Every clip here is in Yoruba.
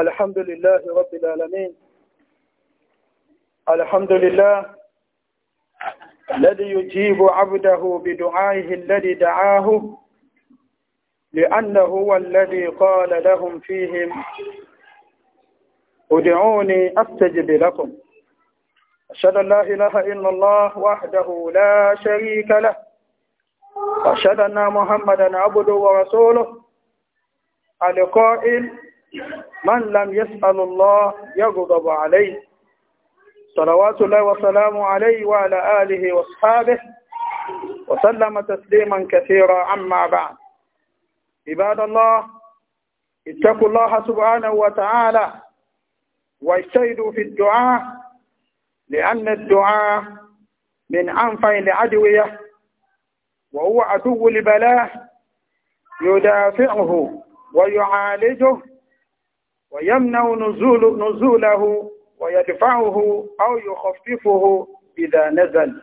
الحمد لله رب العالمين الحمد لله الذي يجيب عبده بدعائه الذي دعاه لأنه هو الذي قال لهم فيهم ادعوني أستجب لكم أشهد أن لا إله إلا الله وحده لا شريك له وأشهد أن محمدا عبده ورسوله القائل من لم يسأل الله يغضب عليه صلوات الله وسلامه عليه وعلى آله وأصحابه وسلم تسليما كثيرا أما بعد عباد الله اتقوا الله سبحانه وتعالى واجتهدوا في الدعاء لأن الدعاء من أنفع العدوية وهو عدو لبلاه يدافعه ويعالجه ويمنع نزول نزوله ويدفعه أو يخففه إذا نزل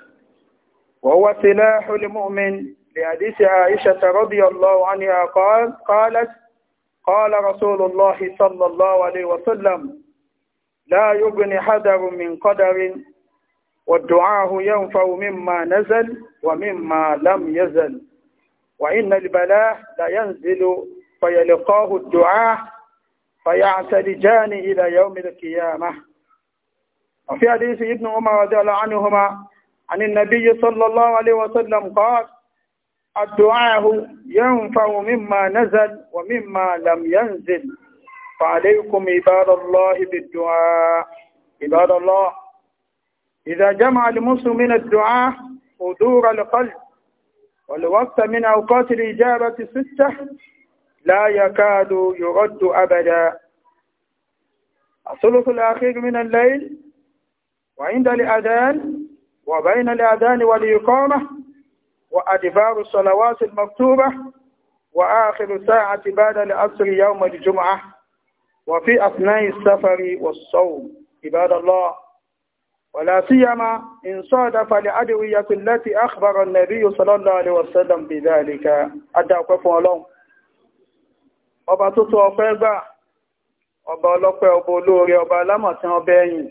وهو سلاح المؤمن لحديث عائشة رضي الله عنها قال قالت قال رسول الله صلى الله عليه وسلم لا يغني حذر من قدر والدعاء ينفع مما نزل ومما لم يزل وإن البلاء لا ينزل فيلقاه الدعاء فيعتلجان إلى يوم القيامة وفي حديث ابن عمر رضي الله عنهما عن النبي صلى الله عليه وسلم قال الدعاء ينفع مما نزل ومما لم ينزل فعليكم عباد الله بالدعاء عباد الله إذا جمع المسلم من الدعاء حضور القلب والوقت من أوقات الإجابة ستة لا يكاد يرد أبدا الثلث الأخير من الليل وعند الأذان وبين الأذان والإقامة وأدبار الصلوات المكتوبة وآخر ساعة بعد العصر يوم الجمعة وفي أثناء السفر والصوم عباد الله ولا سيما إن صادف الأدوية التي أخبر النبي صلى الله عليه وسلم بذلك أدعوكم الله ọba tó tó ọpẹ́ gbà ọba ọlọ́pẹ́ ọba olóore ọba alámọ̀tán ọba ẹ̀yìn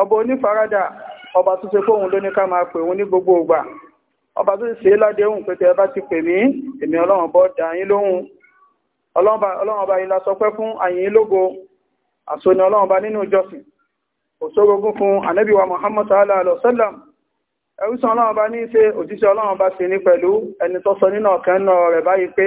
ọba onífaradà ọba tó ṣe fóun ló ní ká máa pè òun ní gbogbo ìgbà ọba tó ṣe ládéhùn pé tẹ bá ti pè mí èmi ọlọ́run bọ́ dá yín lóhùn ọlọ́run ọba yìí la sọpẹ́ fún àyìn lógo àsọni ọlọ́run ọba nínú ìjọsìn òṣogogún fún ànábì Muhammad sallallahu alaihi wasallam ẹrúsàn ọlọ́run ọba ní í ṣe òjíṣẹ́ ọlọ́run ọba sì ní pẹ̀lú ẹni tó sọ nínú ọ̀kẹ́ náà rẹ̀ báyìí pé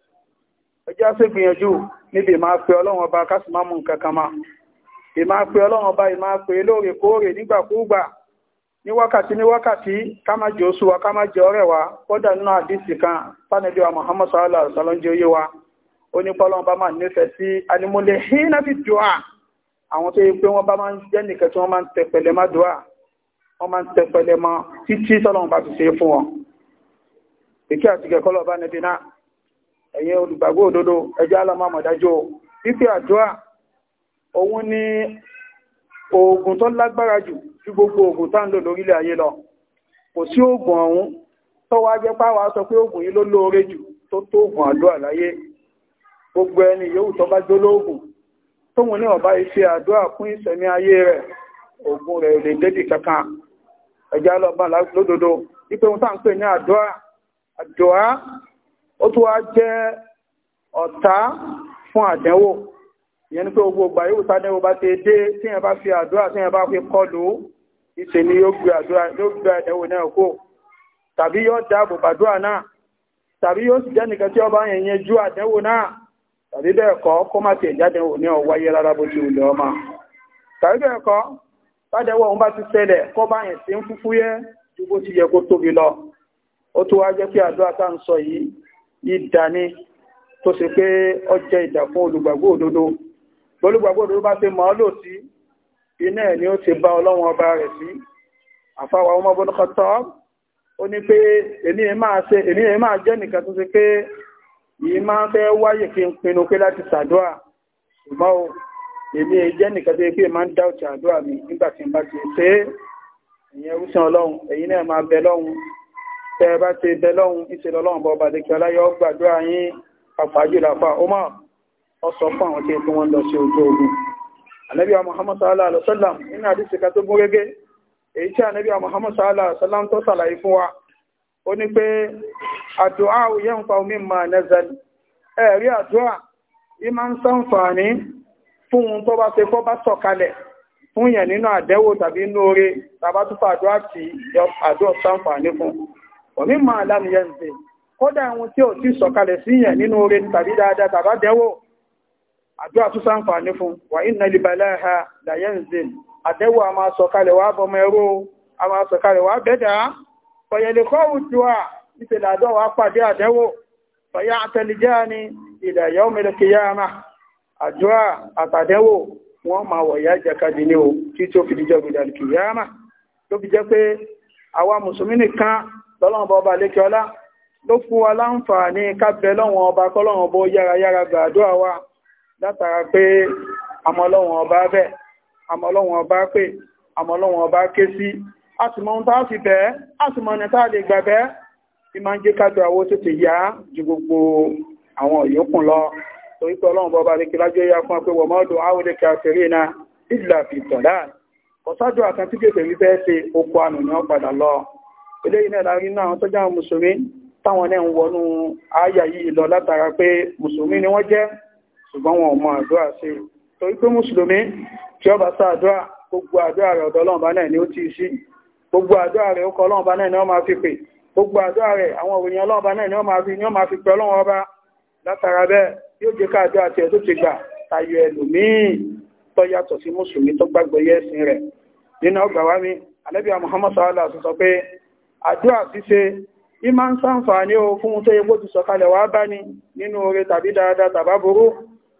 ẹjá sí gbìyànjú níbi ìmá pe ọlọ́run ọba ká sì má mú nǹkan kan ma ìmá pe ọlọ́run ọba ìmá pe lóòrèkóòrè nígbàkúùgbà ní wákàtí ní wákàtí ká má jẹ́ oṣù wa ká má jẹ́ ọ̀rẹ́ wa kódà nínú àdìsí kan fánàbí wa Muhammad sallallahu alaihi wasallam jẹ́ oyé wa ó ní pọ́lọ́run bá máa nífẹ̀ẹ́ sí alimúlẹ̀ hínà fi dùà àwọn tó yẹ pé wọ́n bá máa ń jẹ́ nìkan tí wọ́n máa ń tẹpẹlẹ má dùà wọ́n máa ń tẹpẹlẹ mọ́ títí sọ́lọ́run bá fi ṣe fún wọn. èké àti kẹ̀kọ́ lọ́ọ́ ẹ̀yin olùgbàgbọ́ òdodo ẹjọ́ alamọ́mọ̀dájọ́ fífi àdúrà òun ni oògùn tó lágbára jù ju gbogbo oògùn tá ń lò lórílẹ̀ ayé lọ kò sí oògùn ọ̀hún tó wá jẹ́ páwa sọ pé oògùn yìí ló lóore jù tó tó oògùn àdúrà láyé gbogbo ẹni yòówù tó bá jó lóògùn tóun ní ọ̀bá iṣẹ́ àdúrà fún ìṣẹ̀mí ayé rẹ̀ oògùn rẹ̀ lè dédì kankan ẹjọ́ alọ́bà lódodo wípé ohun tá ń pè ní àdúrà àdúrà ó tún wá jẹ́ ọ̀tá fún àdẹ́wò ìyẹn ni pé gbogbo ọgbà yóò sádẹ́wò bá ti dé tí ẹ bá fi àdúrà tí ẹ bá fi kọlù ìṣẹ́ ni yóò gbé àdẹ́wò náà kó tàbí yóò dáàbò bàdúrà náà tàbí yóò sì jẹ́ nìkan tí ọba yẹn yẹn ju àdẹ́wò náà tàbí bẹ́ẹ̀ kọ́ kó má ti ìjádẹ́wò ní ọwáyé rárá bó ti wùlẹ̀ ọmọ tàbí bẹ́ẹ̀ kọ́ bádẹ́wò òun bá ti ṣẹlẹ̀ kọ́ bá yẹn sí ń fúfú yẹ́ ju bó ti yẹ kó tóbi lọ ó tún wá jẹ́ pé àdúrà tá ń sọ yìí ìdání tó ṣe pé ó jẹ́ ìdà fún olùgbàgbọ́ òdodo olùgbàgbọ́ òdodo bá ṣe mọ̀ ọ́ lò sí iná ẹ̀ ni ó ṣe bá ọlọ́run ọba rẹ̀ sí àfáwà ọmọ bọ́n kọtọ́ ó ní pé èmi ẹ̀ máa jẹ́ nìkan tó ṣe pé yìí máa fẹ́ wáyè kí n pinnu pé láti ṣàdúà ṣùgbọ́n èmi ẹ̀ jẹ́ nìkan tó ṣe pé máa ń dá ọ̀tí àdúà mi nígbà tí n bá ti ṣe é ìyẹn rúṣan ọlọ́run ẹ̀yin náà máa bẹ lọ́run tẹ́ ẹ bá ti bẹ lọ́hùn ìṣèlú ọlọ́run bọ́ bàdékẹ́ ọláyọ́ gbàdúrà yín àfàjìláfà ó mọ̀ ọ sọ fún àwọn tí wọ́n lọ sí ojú ogun ànábì Muhammad sallallahu alaihi wasallam nínú àdìsí ká tó gún régé èyí tí ànábì Muhammad sallallahu alaihi wasallam tó sàlàyé fún wa ó ní pé àdúrà yẹn fa omi ma nẹ́zẹ̀l ẹ̀rí àdúrà nínú àdẹ́wò tàbí inú oore tàbá tó fàdúrà tí àdúrà sàǹfààní fún ọ̀mí máa lámìyẹ ń pè kódà ohun tí ò tí sọ̀kalẹ̀ sí yẹn nínú oore tàbí dáadáa tàbá dẹ́wò àdúrà tó sáǹfààní fún wà iná libàlẹ̀ ha láyẹ́ ń zè àdẹ́wò a máa sọ̀kalẹ̀ wá bọmọ ẹrú a máa sọ̀kalẹ̀ wá bẹ́dà fọ̀yẹ̀lẹ̀ kọ́wù tí wà níṣẹ́ làdọ́ wa pàdé àdẹ́wò tó fi jẹ́ pé àwa mùsùlùmí nìkan lọ́lọ́wọ́n bá ọba lékẹ́ ọlá ló fún wa láǹfààní kábẹ̀ lọ́wọ́n ọba kọ́lọ́wọ́n bó yára yára gbàdúrà wa látara pé àmọ́lọ́wọ́n ọba bẹ̀ àmọ́lọ́wọ́n ọba pè àmọ́lọ́wọ́n ọba ké sí a sì mọ ohun tá a fi bẹ̀ a sì mọ ọ̀nà tá a lè gbà bẹ̀ ní máa ń jẹ́ kájọ àwọ̀ tètè yá ju gbogbo àwọn ìyókùn lọ torí pé ọlọ́run bọ́ba lè kí lájọ́ yá fún pé wọ̀mọ́dún áwọlé kàfẹ́rí náà ìlà fi tọ̀dá kọ̀sájọ́ àkàntí kéfèrí fẹ́ ṣe oko ànù padà lọ eléyìí náà láàrin náà tó jáwọn mùsùlùmí táwọn náà ń wọnú àyà yìí lọ látara pé mùsùlùmí ni wọ́n jẹ́ ṣùgbọ́n wọn ò mọ àdúrà sí i torí pé mùsùlùmí tí ó bá sá àdúrà gbogbo àdúrà rẹ̀ ọ̀dọ̀ ọlọ́run bá náà ni ó ti sí gbogbo àdúrà rẹ̀ ó kọ ọlọ́run bá náà ni wọ́n máa fi pè gbogbo àdúrà rẹ̀ àwọn òròyìn ọlọ́run bá náà ni wọ́n máa fi pè ọlọ́run ọba látara bẹ́ẹ̀ yóò jẹ́ káàdó àti ẹ̀ tó ti gbà tayọ ẹlòmíì tó yàtọ̀ sí mùsùlùmí tó gbàgbọ́ yẹ́sìn rẹ̀ nínú ọgbà wa mi alẹ́bíà Muhammad sallallahu alaihi wasallam sọ pé àdúrà ṣíṣe ìmá ń ṣàǹfààní o fún tó yẹ kó ti sọ̀kalẹ̀ wá bá ní nínú oore tàbí dáadáa tàbá burú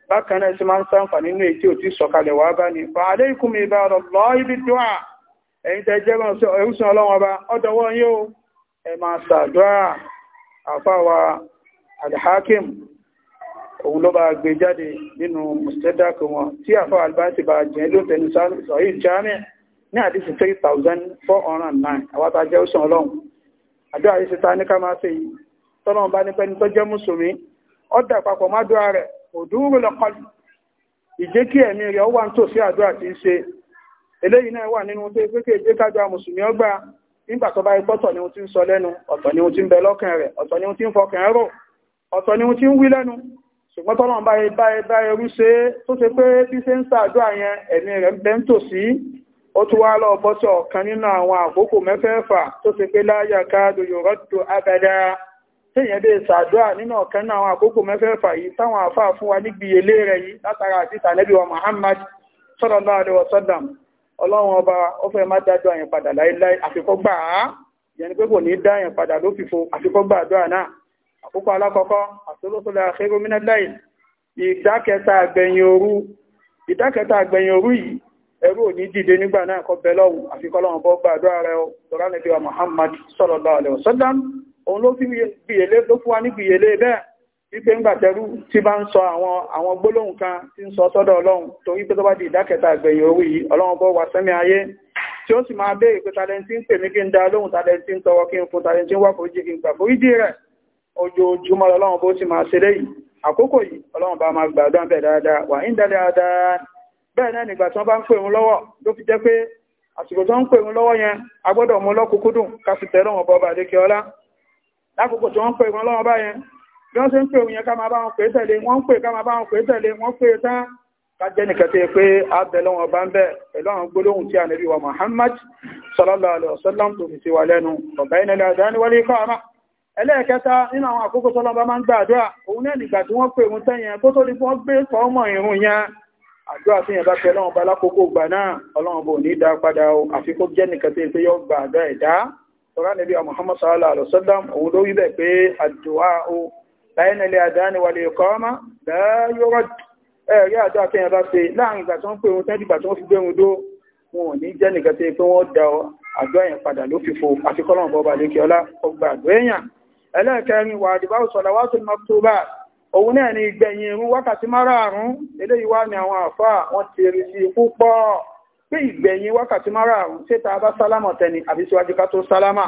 bákan náà sì máa ń ṣàǹfààní nínú èyí tí ò ti sọ̀kalẹ̀ wá bá ní fa alaykum ibadallahi bid-du'a ẹ̀yin tẹ́ jẹ́ ẹrúsìn ọlọ́run ọba ọdọwọ́ yín alhakim òun ló bá gbé jáde nínú mustadrak wọn tí àfáwà albáṣì bá jẹ́ ló tẹnu sọ́yìn jámẹ́ ní àdísì 3409 àwọn àjẹ́ òṣàn ọlọ́run àdúrà yìí síta ní ká máa ṣe yìí tọ́lọ́run bá ní pẹ́ni tó jẹ́ mùsùlùmí ó dà papọ̀ má dúrà rẹ̀ òdúrú lọ́kọlù ìjẹ́ kí ẹ̀mí rẹ̀ ó wà nítòsí àdúrà tí ń ṣe eléyìí náà wà nínú tó pé kí èdè kájọ mùsùlùmí ọgbà nígbà tó bá ipọ́tọ̀ ni ohun tí ń sọ lẹ́nu ọ̀tọ̀ ni ohun tí ń bẹ lọ́kàn rẹ̀ ọ̀tọ̀ ni ohun tí ń fọkàn rò ọ̀tọ̀ ni ohun tí ń wí lẹ́nu ṣùgbọ́n tọ́lọ́run bá ẹrú ṣe tó ṣe pé bí ṣe ń ṣàdúrà yẹn ẹ̀mí rẹ̀ ń bẹ nítòsí ó tún wá lọ bọ́ sí ọ̀kan nínú àwọn àkókò mẹ́fẹ̀ẹ̀fà tó ṣe pé láyà káàdù yòrọ́dù abẹ́dá téèyàn lè ṣàdúrà nínú ọ̀kan nínú àwọn àkókò mẹ́fẹ̀ẹ̀fà yìí táwọn àfà fún wa nígbìyèlé rẹ̀ yìí látara àti sànẹ́bí wa Muhammad sallallahu alaihi wasallam ọlọ́run ọba ó fẹ́ má dájọ́ àyàn padà láíláí àfikọ́ gbà á ìyẹn pé kò ní dá àyàn padà lófìfo àfikọ́ gbà àdúrà náà àkókò alákọ̀ọ́kọ́ àtolótólà àkérò ìdákẹta àgbẹ̀yìn òru ìdákẹta àgbẹ̀yìn òru yìí ẹrú òní dìde nígbà náà kọ bẹ lọ́wọ́ àfikọ́lọ́wọ́ bọ́ gbàdúrà rẹ̀ ọ̀rọ̀ níbi wa Muhammad sallallahu alaihi wasallam òun ló fi gbìyèlé ló fún wa ní gbìyèlé bẹ́ẹ̀ wípé ńgbà tẹrú tí bá ń sọ àwọn àwọn gbólóhùn kan tí ń sọ sọ́dọ̀ Ọlọ́run torí pé tó bá di ìdákẹta ìgbẹ̀yìn orí yìí Ọlọ́run bọ́ wa sẹ́mi ayé tí ó sì máa béèrè pé talenti ń pè mí kí ń da lóhùn talenti ń tọrọ kí n fún talenti ń wá foríjì kí n gbà foríjì rẹ̀ ojoojúmọ́ Ọlọ́run bó sì máa ṣe léyìí àkókò yìí Ọlọ́run bá máa gbàdúrà bẹ́ẹ̀ dáadáa wà ń dáadáa bẹ́ẹ̀ náà nígbà tí wọ́n bá ń pè wọn lọ́wọ́ ló fi jẹ́ pé àsìkò tó ń pè wọn lọ́wọ́ yẹn a gbọ́dọ̀ mú lọ́kùnkúndùn ká sì tẹ́lọ̀ wọn bọba àdékè ọlá lákòókò tí wọ́n pè wọn lọ́wọ́ bá yẹn bí wọ́n ṣe ń pè wọn yẹn ká máa bá wọn pè tẹ̀lé wọ́n ń pè ká máa bá wọn pè tẹ̀lé wọ́n pè tán ká jẹ́ nìkan tó yẹ pé a bẹ̀ bá ń bẹ̀ pẹ̀lú àwọn gbólóhùn tí ànábì wa Muhammad sallallahu ẹlẹ́ẹ̀kẹta nínú àwọn àkókò tọ́lọ́ba máa ń gbàdúrà òun náà nígbà tí wọ́n pè wọn tẹ́yẹn kó tó di fún wọn gbé fọ́ọ̀mọ̀ yẹn àdúrà tí yẹn bá fẹ́ lọ́wọ́ bá lákòókò gbà náà ọlọ́run bò ní dá padà o àfi kó jẹ́ nìkan tí yóò gba àdá ẹ̀dá tọ́lá níbi Muhammad sallallahu alaihi wasallam òun ló wí bẹ́ẹ̀ pé àdúrà o láyé nílẹ̀ àdáni wà lè kọ́ ọmọ lẹ́yọ́rọ̀ ẹ̀rí àdúrà tí yẹn bá fẹ́ láàrin ìgbà tó ń pè wọn tẹ́ dìgbà tó ń fi gbé wọn dó wọn ò ní jẹ́ nìkan tí pé wọ́n da àdúrà yẹn padà ló fi fo àfi kọ́lọ́run bọ́ balẹ̀ kí ọlá ọgbà àdúrà yẹn ẹlẹ́ẹ̀kẹrin wà àdìbáwò sọ̀lá wàásù òun náà ni ìgbẹ̀yìn irun wákàtí márààrún eléyìí wá ní àwọn àfáà wọ́n ti rí sí púpọ̀ pé ìgbẹ̀yìn wákàtí márààrún ṣé ta bá sálámọ̀ tẹni àbí síwájú ká tó sálámà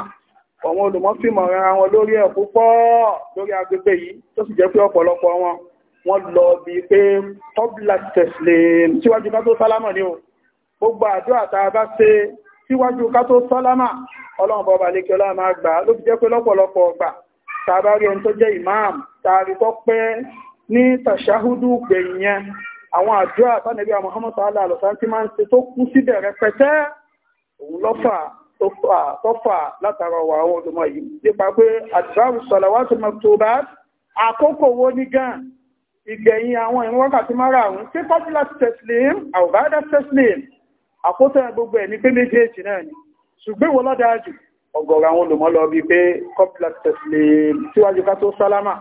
àwọn olùmọ́fìmọ̀ ra wọn lórí ẹ̀ púpọ̀ lórí agbègbè yìí tó sì jẹ́ pé ọ̀pọ̀lọpọ̀ wọn wọ́n lọ bí pé public teslim síwájú ká tó sálámà ni o gbogbo àdúrà tá ṣe síwájú ká tó sálámà ọlọ́run bọba lékẹ́ ọlọ́run máa gbà ló fi jẹ́ pé lọ́pọ̀lọpọ̀ ọgbà tàbárí ẹni tó jẹ́ imam tààrí tó pẹ́ ní tàṣáhúdú gbẹ̀yìn yẹn àwọn àdúrà tánàbí Muhammad sallallahu alaihi wasallam tí máa ń ṣe tó kú síbẹ̀ rẹpẹtẹ òun lọ́fà tó fà látara ọwà àwọn olùmọ̀ yìí nípa pé àdúrà salawatul maktubat àkókò wo ní gan ìgbẹ̀yìn àwọn ìrun wákàtí márààrún tí pọ́sílá tẹ̀sílìm àwòbáyádá tẹ̀sílìm àkótẹ́ gbogbo ẹ̀ ní pé méjèèjì náà ni ṣùgbọ́n ìwọ jù ọgọ̀rọ̀ àwọn olùmọ́lọ bí pé complex lè síwájú ká tó sálámà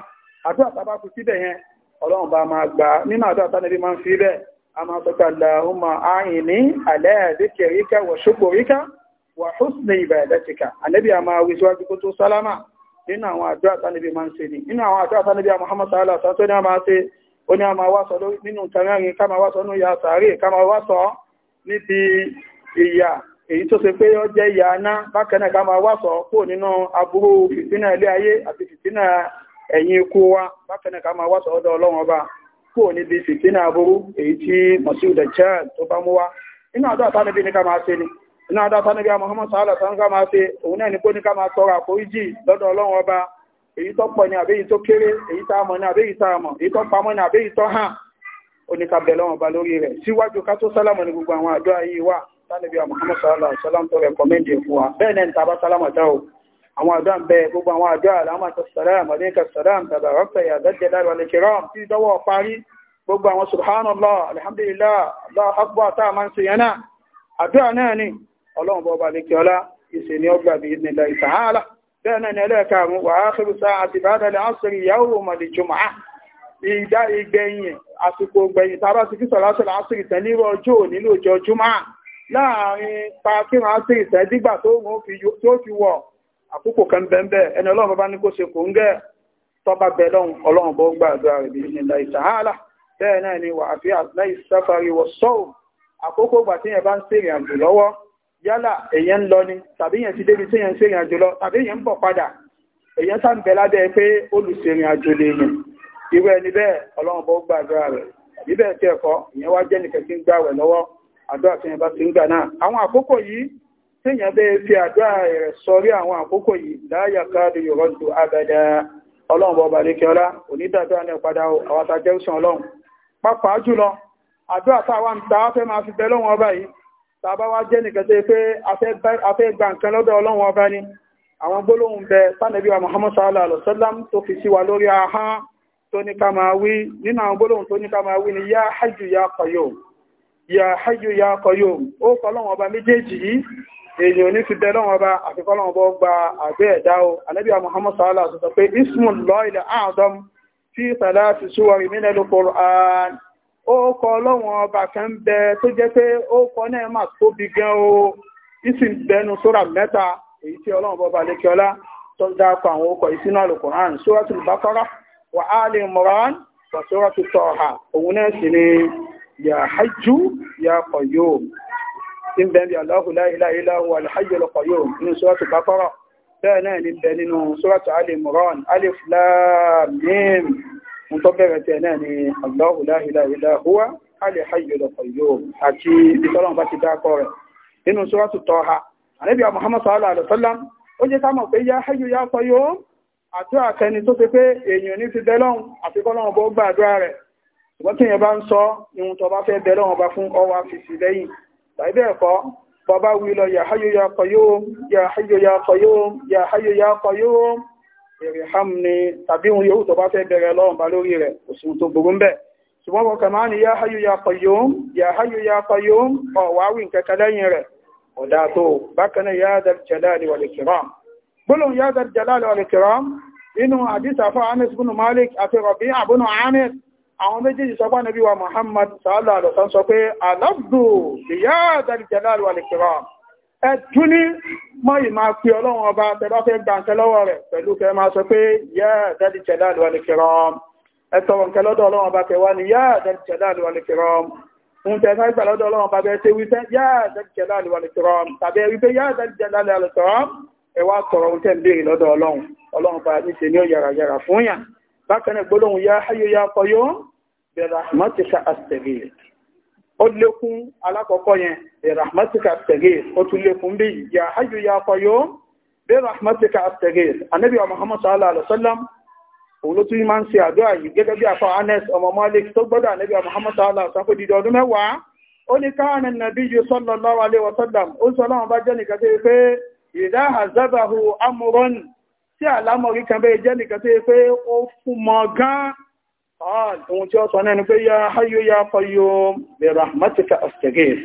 àdúrà tábà kú síbẹ̀ yẹn ọlọ́run bá máa gbà nínú àdúrà tánàbí máa ń fi bẹ́ẹ̀ a máa sọ́kà Allahumma a'inni ala dhikrika wa shukrika àwọn àdúrà tánàbí máa ń ṣe ni nínú àwọn àdúrà tánàbí a Muhammad sallallahu alaihi ní a máa ṣe ó ní a máa wá nínú kẹrin ká máa wá nínú yà sàárè ká máa wá níbi ìyà èyí tó ṣe pé ó jẹ́ ìyà aná bákanáà ká máa wá sọ kó nínú aburú fìtínà ilé ayé àti fìtínà ẹ̀yìn ikú wa bákanáà ká máa wá sọ ọ̀dọ̀ ọlọ́run ọba kó níbi fìtínà aburú èyí tí mọ̀sí ìdẹ̀jẹ́ tó bá mú wa inú àdó àtánibí ká ni inú àdó àtánibí a sàálà sàn ká máa ṣe òun náà ní kó ní ká máa tọrọ àforíjì lọ́dọ̀ èyí tó pọ̀ tó kéré èyí tá tá èyí tó pamọ́ tánibí àmọ́kọ́mọ́ sọ́lá sọ́lám tó rẹ̀kọ́mẹ́ndì fún wa bẹ́ẹ̀ náà tàbá sálámà tá o àwọn àdúrà ń bẹ gbogbo àwọn àdúrà alámàtà sàlám àdéka sàlám tàbí àrọ́pẹ̀ àdájẹ́ dára wà lè kí rọ́m tí dọ́wọ́ parí gbogbo àwọn subhanallah alhamdulillah allah akbar tá a máa ń ṣe yẹn náà àdúrà náà ni ọlọ́run bọ́ba lè kí ọlá ìṣe ni ọgbà bí ní ilẹ̀ ìsàhálà bẹ́ẹ̀ náà ni ẹlẹ́ẹ̀karùn wà ìgbẹ̀yìn àsìkò gbẹ̀yìn tàbá ti kí sọ̀rọ̀ àṣírí tẹ̀lé ọjọ́ nílò ọjọ́ jùmọ̀ láàrin pa kí wọ́n á sí ìṣẹ́dígbà tó wọ́n fi wọ̀ àkókò kan bẹ́ẹ̀ ẹni ọlọ́run bá ní kó ṣe kò ń gẹ́ tọ́ba bẹ̀ lọ́hùn ọlọ́run bó gbàdúrà rẹ̀ bí nílẹ̀ ìtàhálà bẹ́ẹ̀ náà ni wà àfi àtìlẹ́yìn sáfàrí wọ sọ́ọ̀ àkókò gbà tí yẹn bá ń ṣèrìn àjò lọ́wọ́ yálà èyàn ń lọ ni tàbí yẹn ti débi tí yẹn ń ṣèrìn àjò lọ tàbí yẹn ń bọ̀ padà èyàn sá ń bẹ lábẹ́ pé olùṣèrìn àjò lèèyàn irú ẹni bẹ́ẹ̀ ọlọ́run bó gbàdúrà rẹ̀ àbí bẹ́ẹ̀ tí ẹ̀kọ́ ìyẹn wá jẹ́ nìkẹ́ tí ń gbà rẹ̀ lọ́wọ́ àdúrà tí yẹn bá ti ń gbà náà àwọn àkókò yìí tí yẹn bẹ́ fi àdúrà rẹ̀ sọrí àwọn àkókò yìí láyà káàdì yọ̀rọ̀ ju abẹ́dẹ ọlọ́run bọba lékeọlá onídàdúrà náà padà àwọn àtàjẹ́ òsàn ọlọ́run pàápàá jùlọ àdúrà táwa ń ta fẹ́ máa fi bẹ lọ́wọ́n ọba yìí tàbá wá jẹ́ nìkan tó pé afẹ́ gba nǹkan lọ́dọ̀ ọlọ́run ọba ni àwọn gbólóhùn bẹ sánàbí wa Muhammad sallallahu alaihi wasallam tó fi sí wa lórí ahán tó ní ká máa wí nínú àwọn gbólóhùn tó ní ká máa wí ni yá hajj yá qayyum ya hayyu ya qayyum o kọlọ́wọ́n ọba méjèèjì yìí èèyàn ní fi bẹ́lọ́wọ́n ọba àfikọ́lọ́wọ́n ọba gba àgbé ẹ̀dá o anábíà muhammad sallallahu alaihi wasallam pé ismullahi al-a'zam fi salati suwari min al-Qur'an ó kọ ọlọ́wọ́n ọba kan bẹ tó jẹ́ pé ó kọ náà mà tóbi gan o ìsì bẹnu sóra mẹ́ta èyí tí ọlọ́wọ́n ọba lẹ́kẹ́ọ́lá tó dákọ̀ àwọn okọ̀ ìsinú al-Qur'an suratul baqara wa ali imran wa suratul taha òun náà sì ni ya hajjú ya qayyum tí ń bẹ bí Allahu la ilaha illa huwa al-hayyul qayyum nínú sọ́rọ̀tù Baqara bẹ́ẹ̀ náà ní bẹ nínú sọ́rọ̀tù Al-Imran alif lam mim ń tọ́ bẹ̀rẹ̀ tẹ̀ náà ní Allahu la ilaha illa huwa àti ìtọ́lọ́n bá ti dákọ rẹ̀ nínú sọ́rọ̀tù Taha àníbi Muhammad sallallahu alaihi wasallam ó jẹ́ sáàmọ̀ ṣùgbọ́n tí èèyàn bá ń sọ ihun tó bá fẹ́ bẹ̀rẹ̀ wọn bá fún ọwọ́ àfìsì lẹ́yìn tàbí bẹ́ẹ̀ kọ́ bàbá wí lọ ya hayyu ya qayyum ya hayyu ya qayyum ya hayyu ya qayyum irhamni tàbí ohun yòówù tó bá fẹ́ bẹ̀rẹ̀ lọ́wọ́n bá lórí rẹ̀ kò sí tó burú bẹ́ẹ̀ ṣùgbọ́n wọn kàmá ni ya hayyu ya qayyum ya hayyu ya qayyum ọ̀wá wí nǹkan lẹ́yìn rẹ̀ ọ̀dà tó bákan náà ya dhal jalali wal ikram gbólóhùn ya dhal jalali wal ikram malik àti rabi'a bin àwọn méjèèjì sọ pánàbí wa Muhammad sallallahu alaihi wasallam sọ pé alábdò ìyá àdáríjẹ̀láàrù alìkìrà ẹ̀tú ní mọ́ ìmá pí ọlọ́run ọba tẹbá fẹ́ gbàǹkẹ́ lọ́wọ́ rẹ̀ pẹ̀lú kẹ́ máa sọ pé yá àdáríjẹ̀láàrù alìkìrà ẹ̀tọ̀rọ̀ nkẹ́ lọ́dọ̀ ọlọ́run ọba kẹwa ni yá àdáríjẹ̀láàrù alìkìrà ń tẹ́ sáà ìgbà lọ́dọ̀ ọlọ́run ọba bẹ́ẹ̀ tẹ́ wí yá àdáríjẹ̀láàrù alìkìrà tàbí ẹ ni ó yàrá yàrá fún bákan náà gbólóhùn ya hayyu ya qayyum bi rahmatika astaghith ó lékún alákọ̀ọ́kọ́ yẹn bi rahmatika astaghith ó tún lékún bí ya hayyu ya qayyum bi rahmatika astaghith anábì wa muhammad sallallahu alaihi wasallam òun ló tún máa ń ṣe àdúrà yìí gẹ́gẹ́ bí àfà anes ọmọ malik tó gbọ́dọ̀ anábì wa muhammad sallallahu alaihi wasallam dídọ̀ ọdún mẹ́wàá ó ní káàna tí àlámọ̀rí kan bẹ́ẹ̀ jẹ́ nìkan tó yẹ pé ó fún mọ́ gan-an ohun tí ó sọ náà ni pé ya hayyu ya qayyum bi rahmatika astaghith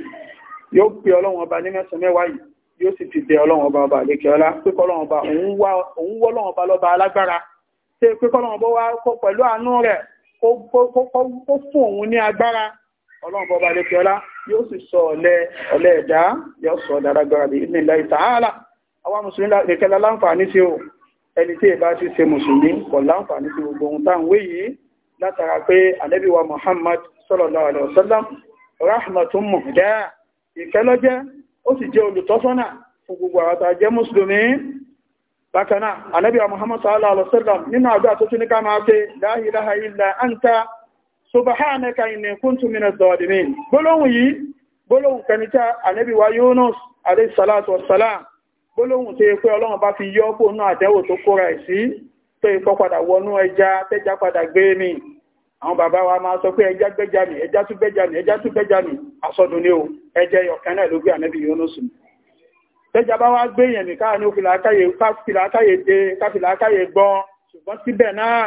yóò pe ọlọ́run ọba ní mẹ́sàn-án mẹ́wàá yìí yóò sì ti bẹ ọlọ́run ọba ọba àlékẹ́ ọlá pé kọ́lọ́run ọba òun wọ́ ọlọ́run ọba lọ́ba alágbára ṣe pé kọ́lọ́run ọba wá pẹ̀lú àánú rẹ̀ kó fún òun ní agbára ọlọ́run ọba àlékẹ́ ọlá yóò sì sọ ọ̀lẹ ọ̀lẹ ẹ̀dá yóò sọ ọ̀dà alágbára bí ní ilẹ̀ ìtàhálà àwọn mùsùlùmí lè kẹ́lá láǹfààní sí o ẹni tí ìbá sì ṣe mùsùlùmí kò láǹfààní sí gbogbo ohun táwọn wé yìí látara pé ànábì Muhammad sallallahu alaihi wasallam rahmatun muhda ìkẹ́lọ́jẹ́ ó sì jẹ́ olùtọ́sọ́nà fún gbogbo àwọn tàà jẹ́ mùsùlùmí Muhammad sallallahu alaihi wasallam nínú àdúrà tó tún ní ká la ilaha illa anta subhanaka inni kuntu minaz zalimin gbólóhùn yìí gbólóhùn Yunus alayhi salatu gbólóhùn tó yẹ pé ọlọ́run bá fi yọ ọ́ bòónú àdẹ́wò tó kóra ẹ̀ sí tó yẹ kó padà wọnú ẹja tẹ́já padà gbé mi àwọn bàbá wa máa sọ pé ẹja gbẹ́jà mi ẹja tún gbẹ́jà mi ẹja tún gbẹ́jà mi àsọdùn ni o ẹja ẹyọkan náà ló gbé ànábì Yúnúsù tẹ́já bá wá gbé yẹn mi káà ní òfìlàákàyè dé káfìlàákàyè gbọ́n ṣùgbọ́n síbẹ̀ náà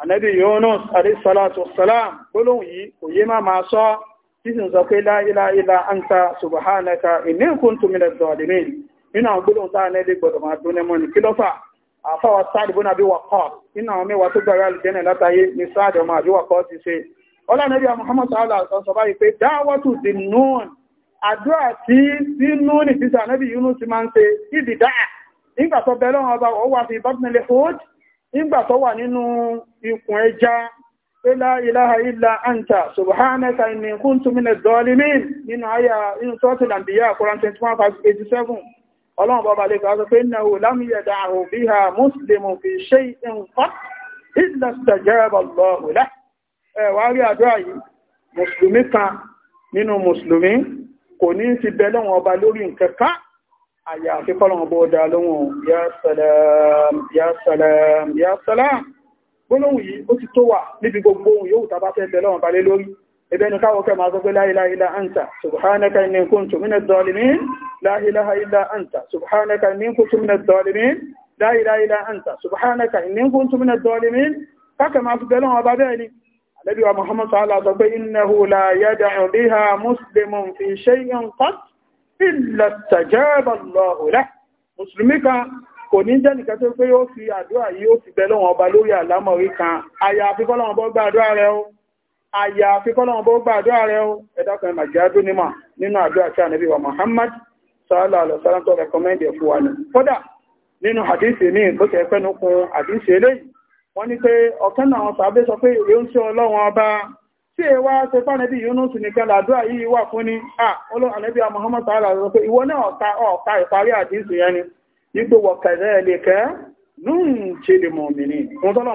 ànábì Yúnúsù alayhi salatu wassalam gbólóhùn yìí kò yé má máa sọ sísìn sọ pé la ilaha illa anta subhanaka inni kuntu minadh-dhalimin nínú àwọn gbólóhùn táà lẹ́lẹ́ gbọ́dọ̀ máa dún lẹ́mọ́ ní kílọ́fà àfáwà sáàdì bọ́nà bí wà kọ́ nínú àwọn mẹ́wàá tó gbàrà lùdẹ́nà látàyé ní sáàdì ọmọ àbí wà kọ́ ti ṣe ọlọ́nàbí Muhammad sàálà sọ báyìí pé dáwọ́tù ti nùn àdúrà tí tí nùn ní sísà anábì Yunus ti máa ń ṣe ìdì dáà nígbà tó bẹ lọ́wọ́ ọba ọwọ́ àfi bọ́tìnlẹ̀ hood nígbà tó wà nínú ikùn ẹja pé la ilaha illa anta subhanaka inni kuntu minaz zalimin nínú àyà inú sọ́ọ̀tì làǹdíyà Quran 21 verse 87 ọlọ́run bọ́ba lè kọ́ pé náà lámúyẹ̀dá àrùn bí ha mùsùlùmù fi ṣe nǹkan ìlà ṣàjẹ́rẹ̀bọ̀ lọ́rùn lẹ́ ẹ̀wà rí àdúrà yìí mùsùlùmí kan nínú mùsùlùmí kò ní ti bẹ lọ́wọ́n ọba lórí nǹkan ká àyà àfikọ́lọ́wọ́n bó dá lóhùn ebe ni káwọ́ kẹ́ máa sọ pé la ilaha illa anta subhanaka inni kuntu minadh dhalimin la ilaha illa anta subhanaka inni kuntu minadh dhalimin la ilaha illa anta subhanaka inni kuntu minadh dhalimin kákẹ́ máa fi bẹ́lẹ̀ wọn bá bẹ́ẹ̀ ni alẹ́bí wa muhammad sallallahu alaihi wa sallam sọ pé innahu la yad'u biha muslimun àyà àfikọ́lọ́wọ́n bó gbàdúrà rẹ̀ ó ẹ̀dàkùn ẹ̀mà jáde nímọ̀ nínú àdúrà tí ànábì wa Muhammad sallallahu alaihi wasallam tó rẹ̀kọ́mẹ́ndì ẹ̀fọ́ wa ni kódà nínú àdíṣe ní bó ṣe fẹ́nu kun àdíṣe eléyìí wọ́n ní pé ọ̀kan náà sàbẹ́ sọ pé èyí ń ṣe ọlọ́wọ́n ọba tí èwá ṣe fánẹ́bí Yunus nìkan làdúrà yìí wà fún ni ànábì wa Muhammad sallallahu alaihi wasallam pé ìwọ náà ọ̀ka ọ̀ka ìparí àdíṣe yẹn ni yípo wọ̀kẹ̀rẹ́ ẹ̀lẹ́kẹ́ nùn ṣe lè mọ̀ mí ni òun tọ́lọ́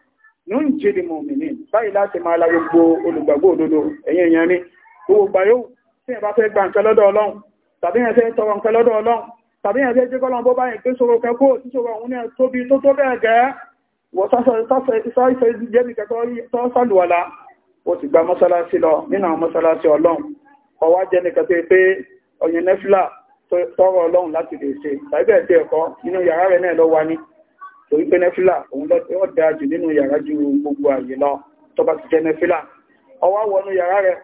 ń jèrè mọ̀mìnì báyìí láti máa la gbogbo olùgbàgbọ́ òdodo ẹ̀yin èèyàn ni gbogbo gbà yóò tí ẹ̀bá fẹ́ gba nǹkan lọ́dọ̀ ọlọ́run tàbí yẹn fẹ́ tọrọ nǹkan lọ́dọ̀ ọlọ́run tàbí yẹn fẹ́ jẹ́ kọ́lọ́n bó báyìí pé sọ̀rọ̀ kẹ́kọ́ tí sọ̀rọ̀ òun náà tóbi tó tó bẹ́ẹ̀ gẹ́ wọ́n sáfẹ́ jẹ́bi kẹ́kọ́ tó sàlùwàlá ó ti gba mọ́sálásí lọ nínú àwọn mọ́sálásí ọlọ́run ọwá jẹ́ nìkan tó pé ọ̀yìn nẹ́fìlà tọrọ ọlọ́run láti lè ṣe tàbí bẹ́ẹ̀ tí ẹ̀kọ́ nínú yàrá rẹ̀ náà lọ wá ní torí pé nẹ́fílà òun lọ́ dáa jù nínú yàrá ju gbogbo àyè lọ tó bá ti jẹ́ nẹ́fílà ọwá wọnú yàrá rẹ̀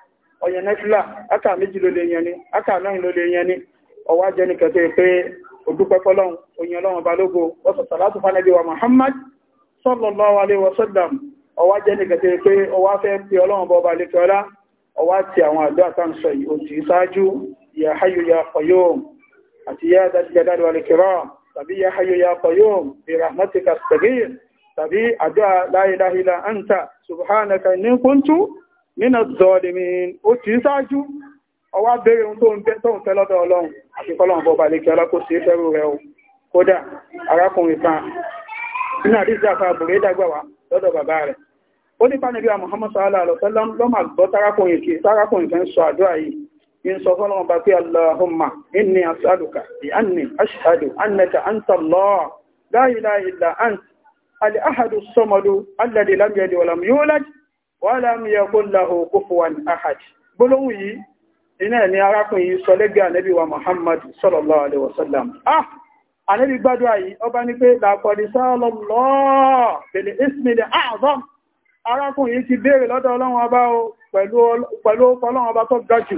ọyàn nẹ́fílà ákà méjì ló lè yẹn ni ákà mẹ́rin ló lè yẹn ni ọwá jẹ́ ní kẹtọ́ pé odúpẹ́ fọ́lọ́run oyin ọlọ́run balógo ọsọ sàlátù fánẹ́bí wa Muhammad sallallahu alaihi ya hayyu ya qayyum àti ya dal jalali tàbí ya hayo ya qayyum bi rahmatika astaghith tàbí àdúrà la ilaha illa anta subhanaka inni kuntu minaz zalimin ó ti ṣáájú ọwá bèèrè ohun tó ń bẹ́ tó ń fẹ́ lọ́dọ̀ ọlọ́run àti kọ́lọ̀n bọ́ balẹ̀kẹ́ alákòóso ìfẹ́rú rẹ̀ o kódà arákùnrin kan nínú àdíjà fa bùrẹ́ dàgbàwà lọ́dọ̀ bàbá rẹ̀ Muhammad sallallahu alaihi wasallam lọ́mà gbọ́ tárákùnrin kan sọ sọ fọ́lọ́wọ́n bá pé Allahumma inni as'aluka bi anni ashhadu annaka anta Allah la ilaha illa ant al-ahadu as-samadu alladhi lam yalid wa lam yulad wa lam yakul lahu kufuwan ahad gbólóhùn yìí iná ni arákùnrin yìí sọ lẹ́gbẹ̀ẹ́ ànẹ́bí wa Muhammad sallallahu alaihi wasallam ah ànẹ́bí gbádùn àyí ọba ní pé làkọ̀dì sallallahu pẹ̀lẹ̀ ismail azam arákùnrin yìí ti béèrè lọ́dọ̀ ọlọ́run ọba o pẹ̀lú ọlọ́run ọba tó gajù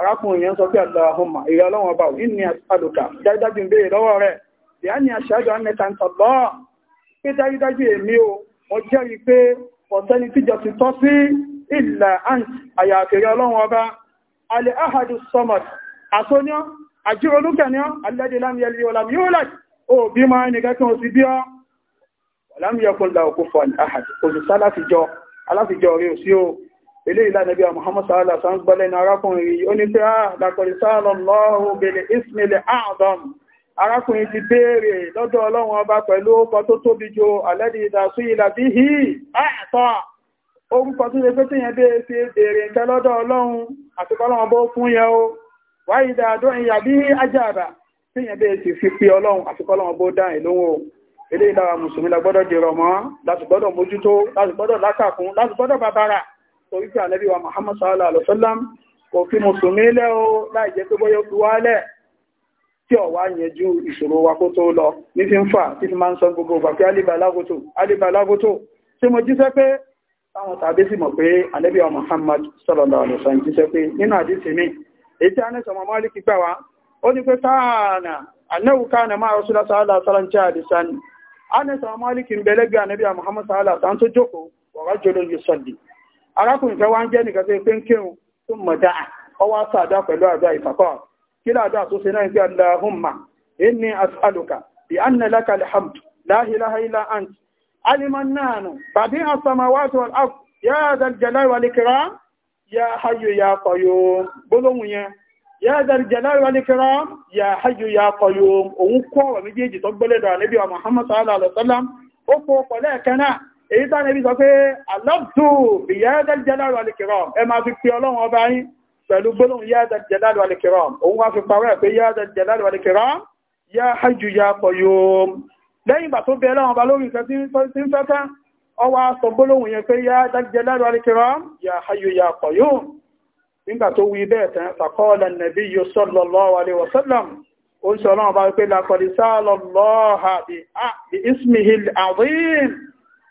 arákùnrin yẹn sọ pé Allahumma ìrẹ́ ọlọ́wọ́n bá òní ní àdùkà dájúdájú ń béèrè lọ́wọ́ rẹ̀ bí a ní aṣáájú anẹta ń tọ̀lọ́ pé dájúdájú èmi o mo jẹ́rìí pé ọ̀sẹ́ni tíjọ ti tọ́ sí ìlà ant àyàfẹ́rẹ́ ọlọ́wọ́n ọba alẹ́ ahadu sọmọt àsóníọ́ àjíròlúkẹ̀níọ́ alẹ́dẹ̀ ilé ìlànà bí i Muhammad sa'ala san gbọ́lẹ̀ ní arákùnrin yìí ó ní pé a ah, lákọ̀lẹ̀ sáàlọ̀ lọ́rùn bèèrè ismail adam arákùnrin ti béèrè lọ́dọ̀ ọlọ́run ọba pẹ̀lú ọkọ tó tóbi jo alẹ́dì ìdású ìlà bí i àtọ́ orúkọ tó lè pété yẹn bèèrè fi béèrè nǹkan lọ́dọ̀ ọlọ́run àti kọ́lọ́run bó fún yẹn o wáyé dáadọ́ ìyà bí i ajáàbà tí yẹn bèèrè sì fi pe ọlọ́run àti la gbọ́dọ̀ dèrò láti gbọ́dọ̀ mójútó láti gbọ́dọ̀ lákàkún láti gbọ́dọ̀ bàbàrà torí tí ànábì wa Muhammad sallallahu alaihi wasallam kò fi mùsùlùmí lẹ́ o láì jẹ́ pé bóyá fi wálẹ̀ tí ọ̀wá yẹjú ìṣòro wa kó tó lọ ní fi ń fà tí fi máa ń sọ gbogbo ìgbà pé alìbàlágótó alìbàlágótó tí mo jíṣẹ́ pé táwọn tàbí sì mọ̀ pé ànábì wa Muhammad sallallahu alaihi wasallam jíṣẹ́ pé nínú àdísì mi èyí tí a ní sọmọ mọ́lìkì gbà wá ó ní pé káàna annahu kana ma rasulullah sallallahu alaihi wasallam jẹ́ àdìsán a ní sọmọ mọ́lìkì ń bẹ̀lẹ́gbẹ̀ ànábì wa Muhammad sallallahu alaihi wasallam tó jókòó wa rajulun yusalli arákùnrin kan wá ń jẹ́ nìkan tó pé ń kírun tó mọ̀ dáa ọwọ́ sàdá pẹ̀lú àdá ìfàkọ́ kí láàdá tó ṣe náà ń gbé aláhùnmá inni as'aluka bi anna laka alhamd la ilaha illa ant aliman bàbí èyí tá nẹ́bí sọ pé alọ́pùtù bí yẹ́ẹ́dẹ́l jẹ́láàrù alìkìrọ̀m ẹ máa fi pé ọlọ́run ọba yín pẹ̀lú gbólóhùn yẹ́ẹ́dẹ́l jẹ́láàrù alìkìrọ̀m òun wá fi parọ́ ẹ̀ pé yẹ́ẹ́dẹ́l jẹ́láàrù alìkìrọ̀m yá hajjú ya qayyum lẹ́yìn ìgbà tó bẹ ọlọ́run ọba lórí nǹkan tí ń fẹ́ fẹ́ ọ wá sọ gbólóhùn yẹn pé yẹ́ẹ́dẹ́l jẹ́láàrù alìkìrọ̀m yá hajjú ya qayyum nígbà tó wí bẹ́ẹ̀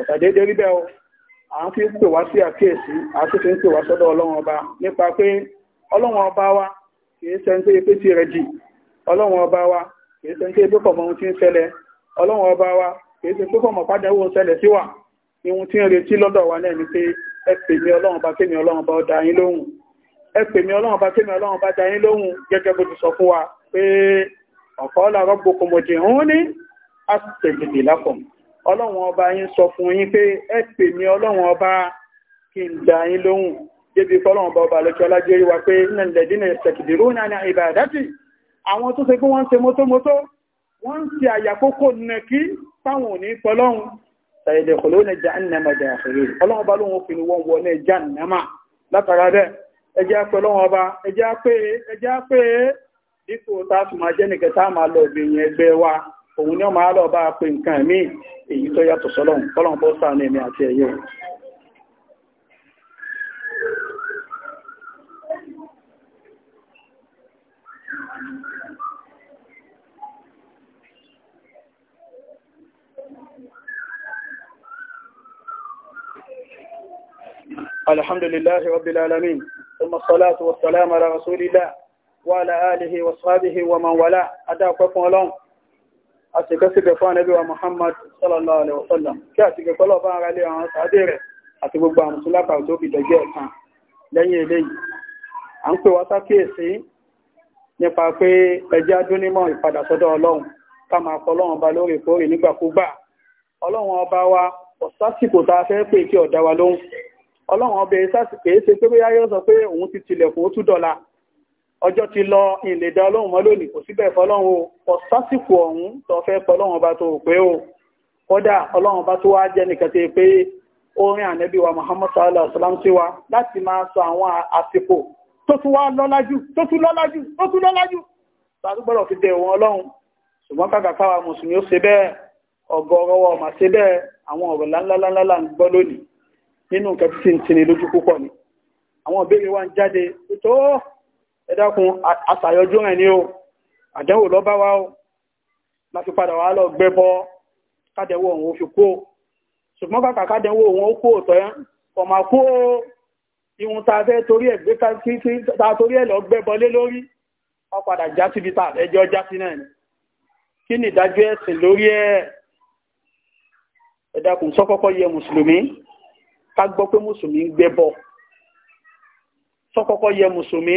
ọ̀sàdédé níbẹ̀ o à ń fi ń pè wá sí àkíyèsí à sì fi ń pè wá sọ́dọ̀ ọlọ́run ọba nípa pé ọlọ́run ọba wa kìí sẹ́ni tó yẹ pé tí rẹ̀ jì ọlọ́run ọba wa kìí sẹ́ni tó yẹ pé kọ̀mọ̀ ohun tí ń ṣẹlẹ̀ ọlọ́run ọba wa kìí sẹ́ni pé kọ̀mọ̀ padà ohun ṣẹlẹ̀ sí wa ihun tí ń retí lọ́dọ̀ wa náà ni pé ẹ pè mí ọlọ́run ọba kémi ọlọ́run ọba ọ̀dà yín lóhùn ẹ pè mí ọlọ́run ọba kémi ọlọ́run ọba ọ̀dà yín lóhùn gẹ́gẹ́ bó ti sọ fún wa pé ọ̀kọ́ làrọ́ gbogbo mọ̀jẹ̀ òun ní àtẹ̀jẹ̀dẹ̀ lápọ̀ ọlọ́run ọba yín sọ fún yín pé ẹ pè mí ọlọ́run ọba kí n dá yín lóhùn débi fọ́lọ́run ọba ọba lọ́jọ́ lájẹ́ wíwá pé nàìjíríà ìṣẹ̀kìdìrú náà ní ìbàdàtì àwọn tó ṣe pé wọ́n ń ṣe mótómótó wọ́n ń ṣe àyàkókò nàkí fáwọn òní fọlọ́run ṣàyẹ̀dẹ̀ kò ló nẹja ànàmà jà àṣírí ọlọ́run ọba lóhun fi ni wọ́n wọ nẹja látara bẹ́ẹ̀ ẹjẹ́ pé ọlọ́run ọba ẹjẹ́ pé ẹjẹ́ pé dípò tá a fi máa jẹ́ nìkẹ́ tá a máa lọ òbí yẹn ẹgbẹ́ wa òun ni ó máa lọ bá pé nǹkan ẹ̀mí èyí tó yàtọ̀ sọ́lọ́run kọ́lọ́run bọ́ sáà ní ẹ̀mí àti ẹ̀yẹ الحمد لله رب العالمين ثم الصلاة والسلام على رسول الله وعلى آله وصحبه ومن والاه أدعوكم الله àti ìkọ́síkẹ̀ fún ànábì wa Muhammad sallallahu alaihi wasallam kí àti ìkẹ́kọ́ lọ bá ara lé àwọn sàádé rẹ̀ àti gbogbo àwọn tó lápá tó fi dọ̀jọ́ ẹ̀sán lẹ́yìn eléyìí à ń pè wá sákíyèsí nípa pé ẹjẹ́ adúnímọ̀ ìpadà sọ́dọ̀ ọlọ́run ká máa kọ́ ọlọ́run ọba lóòrèkóòrè nígbàkúgbà ọlọ́run ọba wa ọ̀sásìkò tá a fẹ́ pè kí ọ̀dá wa lóhun ọlọ́run ọba kèé ṣe pé bóyá yóò sọ pé òun ti tilẹ̀kùn ó tún dọ̀la ọjọ́ ti lọ ìlèdá ọlọ́run mọ́ lónìí kò síbẹ̀ fọlọ́run o kò sásìkò ọ̀hún tó fẹ́ fọlọ́run bá tó pé o kódà ọlọ́run bá tó wá jẹ́ nìkan tó pé orin ànẹ́bí wa Muhammad sallallahu alaihi wasallam sí wa láti máa sọ àwọn àsìkò tó tún wá lọ́lájú tó tún lọ́lájú tó tún lọ́lájú sàdúgbọ́dọ̀ fi dé wọn ọlọ́run ṣùgbọ́n kàkà káwa mùsùlùmí ó ṣe bẹ́ẹ̀ ọgọ́rọ́wọ́ ọmọ ṣe bẹ́ẹ̀ àwọn ọ̀rọ̀ láńláńláńlá ń gbọ́ lónìí nínú nǹkan tí ń tini lójú púpọ̀ ni àwọn ìbéèrè wa ń jáde tó ẹ dákun aṣàyọjú rẹ̀ ni o àdánwò lọ bá wa o láti padà wá lọ gbẹ́bọ kádẹ̀wò òun ó fi kó ṣùgbọ́n kàkà kádẹ̀wò òun ó kó òtọ́ ọmọ kó ihun ta fẹ́ torí ẹ̀ gbé ta torí ẹ̀ lọ gbẹ́bọ lé lórí ọ padà já síbi ta ẹjọ́ já sí náà kí ni ìdájọ́ ẹ̀sìn lórí ẹ̀ ẹ dákun sọ́kọ́kọ́ yẹ mùsùlùmí ká gbọ́ pé mùsùlùmí ń gbẹ́bọ sọ́kọ́kọ́ yẹ mùsùlùmí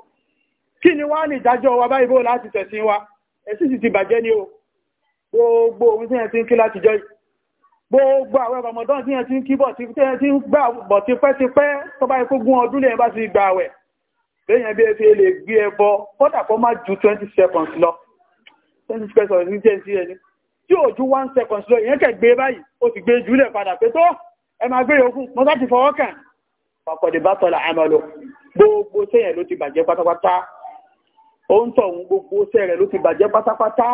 kí ni wá ní ìdájọ́ wa báyìí bó láti tẹ̀sìn wa ẹ̀sìn sì ti bàjẹ́ ni o gbogbo ohun tí ẹ̀ ti ń kí láti jọ gbogbo àwọn ọmọdán tí ẹ̀ ti ń kí bọ̀ tí ẹ̀ ti ń gbà bọ̀ ti pẹ́ ti pẹ́ tó bá ikú gún ọdún lẹ́yìn bá ti gbà wẹ̀ lẹ́yìn bí efe lè gbé ẹbọ kódà kó má ju 20 seconds lọ 20 seconds ní jẹ́ sí ẹni tí ò ju 1 second lọ ìyẹn kẹ̀ gbé e báyìí ó ti gbé e jùlẹ̀ padà pé tó ẹ máa gbé e yòókù mo sá ti fọwọ́ kàn pàpọ̀dé bá tọ́lá àmọ́ lọ gbogbo sẹ́yìn ló ti bàjẹ́ pátápátá ó ń tọ̀ ohun gbogbo sẹ́rẹ̀ ló ti bàjẹ́ pátápátá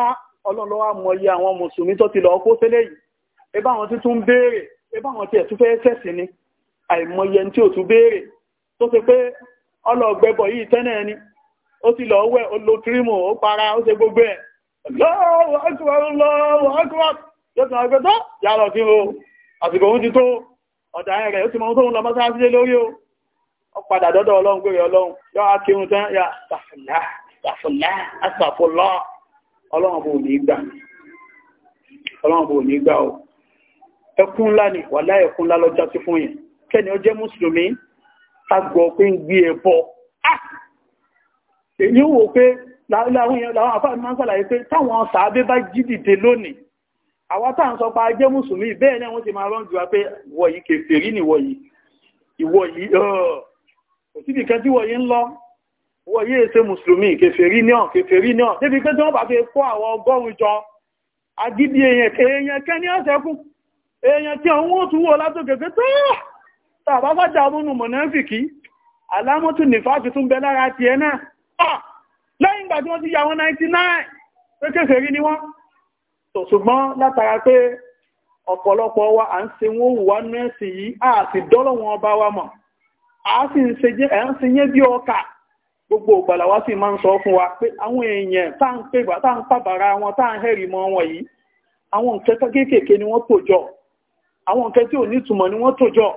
ọlọ́run ló wá mọ iye àwọn mùsùlùmí tó ti lọ kó sílẹ̀ yìí ebá wọn ti tún béèrè ebá wọn ti ẹ̀ tún fẹ́ sẹ̀sìn ni àìmọye tí ò tún béèrè tó ṣe pé ọlọ́ọ̀gbẹ́bọ̀ yìí tẹ́nẹ̀ ni ó ti lọ wẹ̀ ó lo kírímù ó para ó ṣe gbogbo ẹ̀ lọ́wọ́ o àsìkò òun ti tó ọ̀dà rẹ̀ ó ti mọ ohun tó ń lọ mọ́sáàsì lé àfọ̀lá àsàfọ̀lọ́ ọlọ́run bò ní gbà ọlọ́run bò ní gbà o ẹkún ńlá ni wà láì ẹkún ńlá lọ́jà sí fún yẹn kẹ́ni ó jẹ́ mùsùlùmí tágbọ̀ pé ń gbé ẹbọ èyí wò pé láwọn àfáàní máa ń sàlàyé pé táwọn sàábé bá jí dìde lónìí àwa táà ń sọ pa ajẹ́ mùsùlùmí bẹ́ẹ̀ náà wọ́n ti máa rọ́ǹdù wa pé wọ̀nyí kèfèrí ni wọ̀nyí ìwọ̀nyí kò síbi kan tí wọ̀nyí ń lọ wọ́n yéé ṣe mùsùlùmí kèfèrí náà kèfèrí náà débi pé tí wọ́n bá fi kó àwọn ọgọ́rùn jọ agídí èèyàn èèyàn kẹ́ni ọ̀sẹ̀ kù èèyàn tí àwọn ó tún wò látòkè pé tó tàbá fàjà múnú mọ̀nàfìkì alámọ́tù nífàkì tún bẹ lára tiẹ̀ náà ah! lẹ́yìn ìgbà tí wọ́n ti yà wọn 99 pé kèfèrí ni wọ́n tò ṣùgbọ́n látara pé ọ̀pọ̀lọpọ̀ wa à ń ṣe wọ́n wà nẹ́ẹ̀sì yìí a sì dọ́lọ̀ wọn bá wa mọ̀ a sì ń ṣe yẹ́ bí ọkà gbogbo ògbàlà wá sì máa ń sọ fún wa pé àwọn èèyàn tá ń pè tá ń pàbàrà wọn tá ń hẹ́rì mọ́ wọn yìí àwọn nǹkan tó kéékèèké ni wọ́n tò jọ àwọn nǹkan tí ò ní ìtumọ̀ ni wọ́n tò jọ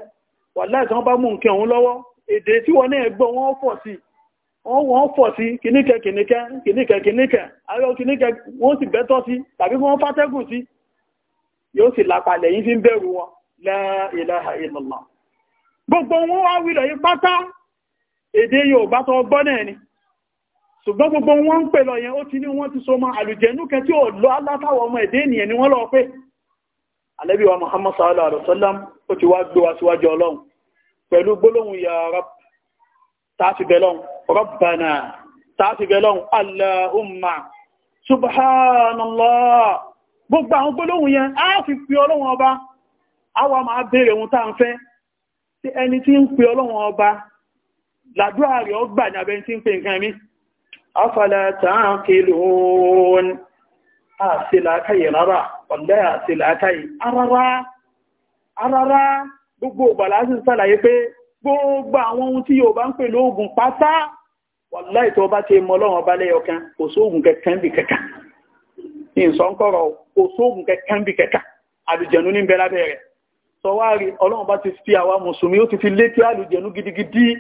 wà láìsí wọn bá mú nǹkan òun lọ́wọ́ èdè tí wọn náà gbọ́ wọn fọ̀ sí wọn fọ̀ sí kìníkẹ kìníkẹ kìníkẹ kìníkẹ ayọ kìníkẹ wọn sì bẹ́tọ̀ sí tàbí wọn fàtẹ́gùn sí yóò sì lápá lẹ́yìn fi ń bẹ̀rù wọn la ilaha illallah gbogbo wọn wá wílọ̀ yìí pátá èdè Yorùbá tó gbọ́ náà ni ṣùgbọ́n gbogbo wọn ń pè lọ yẹn ó ti ní wọ́n ti so mọ́ àlùjẹ̀nú kẹ tí ó lọ alátàwọ̀ ọmọ èdè ènìyàn ni wọ́n lọ pé Ànábì wa Muhammad sallallahu alaihi wasallam ó ti wá gbé wa síwájú Ọlọ́run pẹ̀lú gbólóhùn ya Rabb tààfi bẹ̀lọ́n Rabbana tààfi Allahumma subhanallah gbogbo àwọn gbólóhùn yẹn á fi fi Ọlọ́run ọba á wà máa béèrè ohun tá à ẹni tí ń pe Ọlọ́run ọba làdúrà rẹ̀ ó gbà jàbẹ́ tí ń pè nǹkan mi afala ta'qilun àti làákàyè rárá ọ̀lẹ́ àti arárá gbogbo ògbàlá sí pé gbogbo àwọn ohun tí yóò bá ń pè lóògùn pátá ìtọ́ bá ti lọ́wọ́ bá kò sóògùn ní ìsọ́nkọ̀rọ̀ kò sóògùn ní bẹ́lábẹ́ rẹ̀ sọ wá rí ọlọ́run bá ti fi àwa gidigidi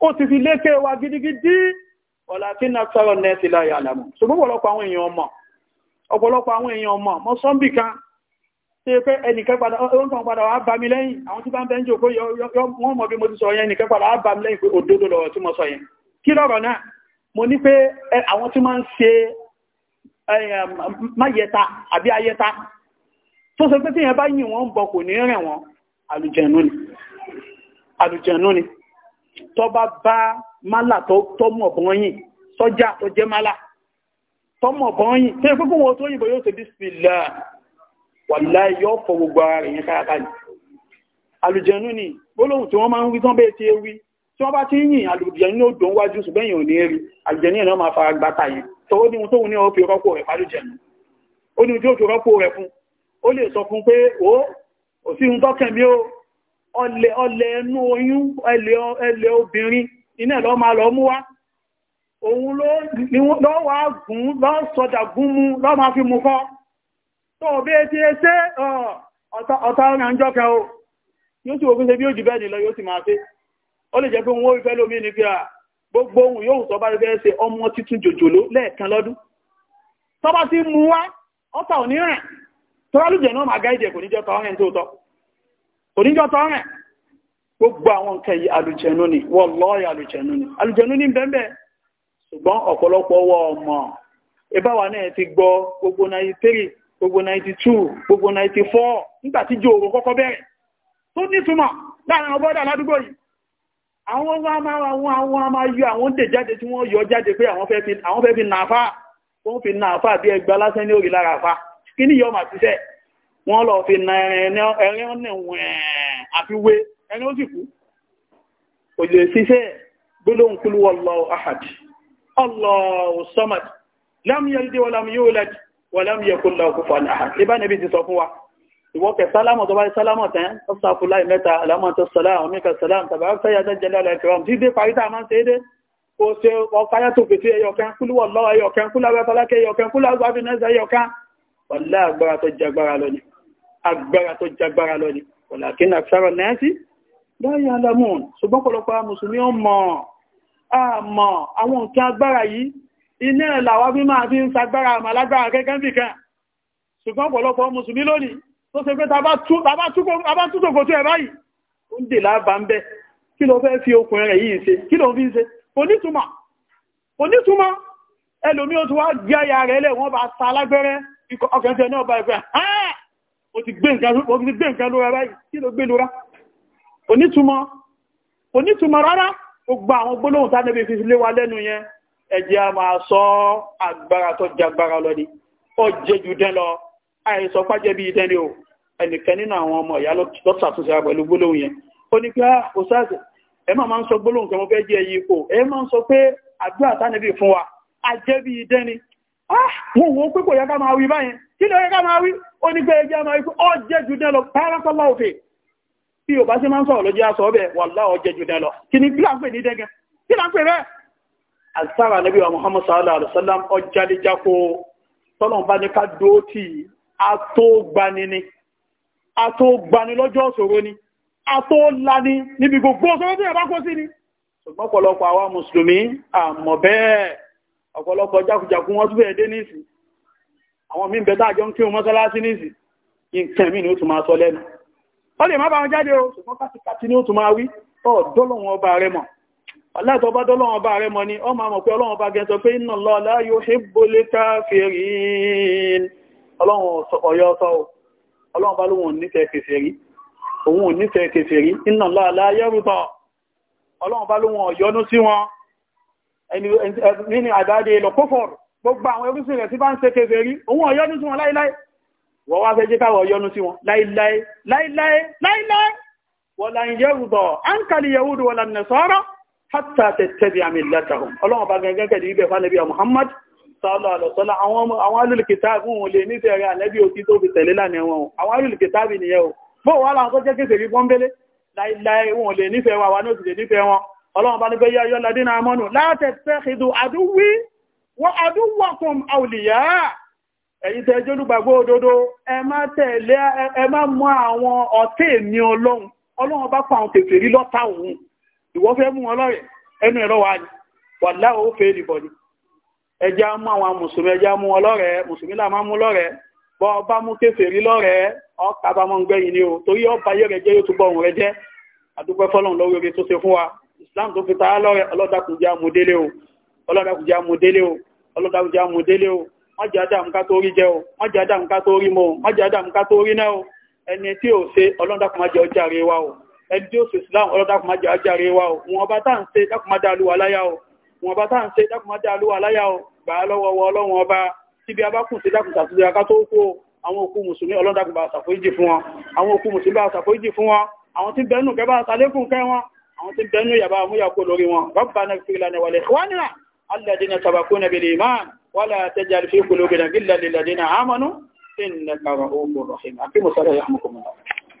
ó ti fi lékè wa gidigidi ọ̀là tí náà sọ̀rọ̀ nẹ́ẹ̀sì láyé àlàmù ṣùgbọ́n ọ̀pọ̀lọpọ̀ àwọn èèyàn ọmọ ọ̀pọ̀lọpọ̀ àwọn èèyàn ọmọ mọ́ sọ́mbì kan tí pé ẹnìkan padà wá bá mi lẹ́yìn àwọn tí bá ń bẹ́ ń jò pé wọ́n mọ̀ bí mo ti sọ yẹn ẹnìkan padà wá bá mi lẹ́yìn pé òdodo lọ̀rọ̀ tí mo sọ yẹn kí lọ̀rọ̀ náà mo ní pé àwọn tí máa ń ṣe um, máyẹta àbí ayẹta tó sọ pé tí yẹn bá yìn wọ́n ń bọ kò ní rẹ̀ wọ́n àlùjẹ̀nú ni tọ́ba bá málà tó mọ̀ bọ́n yìn sọ́jà tó jẹ́ málà tọ́mọ̀ bọ́n yìn tó yẹ kókó wọn tó yìnbọn yóò ṣe bísímìlà wàláhì yóò fọ gbogbo ara rẹ̀ yẹn káyàká yìí àlùjẹ̀nú ni gbólóhùn tí wọ́n máa ń wí tán bẹ́ẹ̀ tí ó wí tí wọ́n bá ti yìn àlùjẹ̀nú ó dùn wájú ṣùgbọ́n èèyàn ò ní rí àlùjẹ̀nú náà máa fara gbáta yìí tó ó ní ohun tóun ní ọ̀pẹ̀ rọ́pò rẹ̀ fàlùjẹ̀nú ó ní ohun tí ọlẹ̀ ẹnu oyún ẹlẹ̀ obìnrin iná lọ máa lọ mú wá òun ló wà gùn lọ sọjà gún mú lọ máa fi mú fọ́ tó bí i ti ṣe ọ̀tá ọ̀nà ìjọkẹ o yóò sì òfin ṣe bí òjì bẹ́ẹ̀ nílọ yóò sì máa ṣe ó lè jẹ́ pé wọ́n ìfẹ́ fi gbogbo ohun yóò sọ bá ṣe ọmọ títún lẹ́ẹ̀kan lọ́dún tọ́bá sí mú wá náà máa kò ní jẹ́ tó oníjọ́ tọ́ rẹ̀ gbogbo àwọn nǹkan yìí alùjẹ̀nú ni wọ́n lọ́ọ̀yà alùjẹ̀nú ni alùjẹ̀nú ní bẹ́ẹ̀ ṣùgbọ́n ọ̀pọ̀lọpọ̀ wọ ọmọ ìbáwa náà ti gbọ́ gbogbo 93 gbogbo 92 gbogbo 94 nígbà tí jò òru kọ́kọ́ bẹ̀rẹ̀ tó nítumọ̀ láàrin àwọn bọ́dà ládùúgbò yìí àwọn wa máa àwọn àwọn a máa yọ àwọn dè jáde tí wọ́n yọ wọ́n lọ fi na ẹ̀rin ọ̀nà wẹ̀ẹ̀n àfiwé ẹni ó sì kú kò lè ṣiṣẹ́ gbólóhùn kúlú wallahu ahad Allahu samad lam yalid wa lam yulad wa lam tó bá rí sálámọ̀ tẹ́ ọ́sàfúláì mẹ́ta alámọ̀tọ́ sàlámù mẹ́ka sàlámù tàbí àfẹ́yà jẹ́jẹ́lẹ́ tó pèsè ẹyọkẹ́ kúlúwọ̀ agbára tó jagbára lọ ni ọ̀làkín àfẹ́rọ̀ nẹ́ẹ̀sì láyé alamọ́n ṣùgbọ́n pọ̀lọpọ̀ mùsùlùmí ọmọ àmọ́ àwọn òkè agbára yìí iná ẹ̀làwọ́ bí máa fi ń sagbára àmà lágbára kẹ́kẹ́ bì kan ṣùgbọ́n pọ̀lọpọ̀ mùsùlùmí lónìí tó ṣe pé tàbá tútòkò tó ẹ̀ báyìí ó ń dè láàbà ń bẹ kí ló fẹ́ fi okùn rẹ̀ yìí ṣe kí ló fi ń ṣe onítùmọ̀ o ti gbé nǹkan lóra báyìí kí ló gbé lóra onítùmọ̀ onítùmọ̀ rárá ó gba àwọn gbólóhùn tá nẹ́bí fi lé wa lẹ́nu yẹn ẹjẹ́ a máa sọ agbára tó jagbára lọ ni ó jẹ́ jù dẹ́ lọ àìsọ pàjẹ́ bí idẹ́ ni o ẹnìkan nínú àwọn ọmọ ìyá ló ṣàtúnṣe pẹ̀lú gbólóhùn yẹn ó ní pé ó ah, sáàsì ẹ máa máa ń sọ gbólóhùn kan mo fẹ́ jẹ́ yìí kò ẹ máa ń sọ pé àdúrà tá nẹ́bí fún wa ajẹ́ bí idẹ́ ni Ah, wọ́n wọ́n pé kò yẹ ká máa wí báyìí kí ló yẹ ká máa wí ó ní pé ẹjẹ́ máa wí pé ọ jẹ́ jù dẹ́ lọ pàárápàá òfin o bá sí máa ń sọ̀rọ̀ lójú aṣọ ọbẹ̀ wà láọ̀ jẹ́ jù dẹ́ lọ kí ni kílà ń pè ní dẹ́gẹ́ kílà ń pè Muhammad sallallahu alaihi wasallam ọjàdíjákó tọ́lọ̀ bá ní ká dóòtì atógbani lọ́jọ́ òṣòro ni atólani níbi gbogbo òṣòro tí ẹ̀ bá kó sí ni ṣùgbọ́n pọ̀lọpọ̀ àwa mùsùlùmí àmọ̀ bẹ́ẹ̀ ọ̀pọ̀lọpọ̀ jákùjákù wọ́n tún bẹ̀ẹ̀ dé níìsì àwọn mí bẹ̀ta àjọ ń kí wọn mọ́sálásí níìsì nǹkan mí ni ó tún máa sọ lẹ́nu ó lè má bá wọn jáde o ṣùgbọ́n nífẹ̀ẹ́ kèfèrí òun nífẹ̀ẹ́ kèfèrí bá lóhun ọ̀yọ́nú sí wọn nínú àdáde ìlọ kófòr gbogbo àwọn ẹgbùsùn rẹ̀ tí bá ń ṣe kèfè rí òun ọ̀yọ́nú sí wọn láíláí wọ́n wá fẹ́ jẹ́ káwọ̀ ọ̀yọ́nú sí wọn láíláí láíláí láíláí wọ́n la wọ́n Muhammad sallallahu alaihi wasallam àwọn alùlùkìtàbù wọn lè nífẹ̀ẹ́ rẹ̀ ànẹ́bí òkú tó fi tẹ̀lé lánàá wọn àwọn alùlùkìtàbì nìyẹn o bó wà láwọn tó jẹ́ nífẹ̀ẹ́ wọn ọlọ́run bá ní pé yáyọ́ ladina amanu la tattakhidu aduwwi wa aduwwakum awliya ẹ̀yin tẹ́ jólúgbàgbọ́ òdodo ẹ má tẹ̀lé ẹ má mú àwọn ọ̀tẹ́ mi ọlọ́run ọlọ́run bá pa àwọn kèfèrí lọ́tá òun ìwọ fẹ́ mú wọn lọ́rẹ̀ ẹnu ẹ̀rọ wa ni wàlá ó fẹ́ ìdìbọ̀ ni ẹjá mú àwọn mùsùlùmí ẹjá mú wọn lọ́rẹ̀ mùsùlùmí là má mú lọ́rẹ̀ bọ́ ọba mú kèfèrí lọ́rẹ̀ ọkà bá mọ́ ń gbẹ̀yìn ni o torí ọba yẹ̀rẹ̀ jẹ́ yóò túbọ̀ òun rẹ jẹ́ àdúgbẹ́ fọ́lọ́run lọ́wọ́ orí tó ṣe fún wa islam tó fi ta ọlọ́dàkùnjẹ́ amúdélé o ọlọ́dàkùnjẹ́ amúdélé o ọlọ́dàkùnjẹ́ amúdélé o wọ́n jẹ́ àdámká tó rí jẹ́ o wọ́n jẹ́ àdámká tó rí mọ́ o wọ́n jẹ́ àdámká tó rí náà islam ọlọ́dàkùnmájẹ́ ọjà rẹ̀ wá o wọn bá tá ń ṣe dákùnmájẹ́ alúwa láyá o wọn bá tá ń ṣe dákùnmájẹ́ alúwa láyá o gbà á lọ́wọ́ wọ ọlọ́run ọba síbi abákùn àwọn tí bẹnu yàbá múyàkó lórí wọn rabbana ighfir lana wa li ikhwanina alladhina sabaquna bil iman wa la taj'al fi qulubina ghillan lil ladhina amanu innaka ra'ufur rahim aqimus salata yarhamukumullah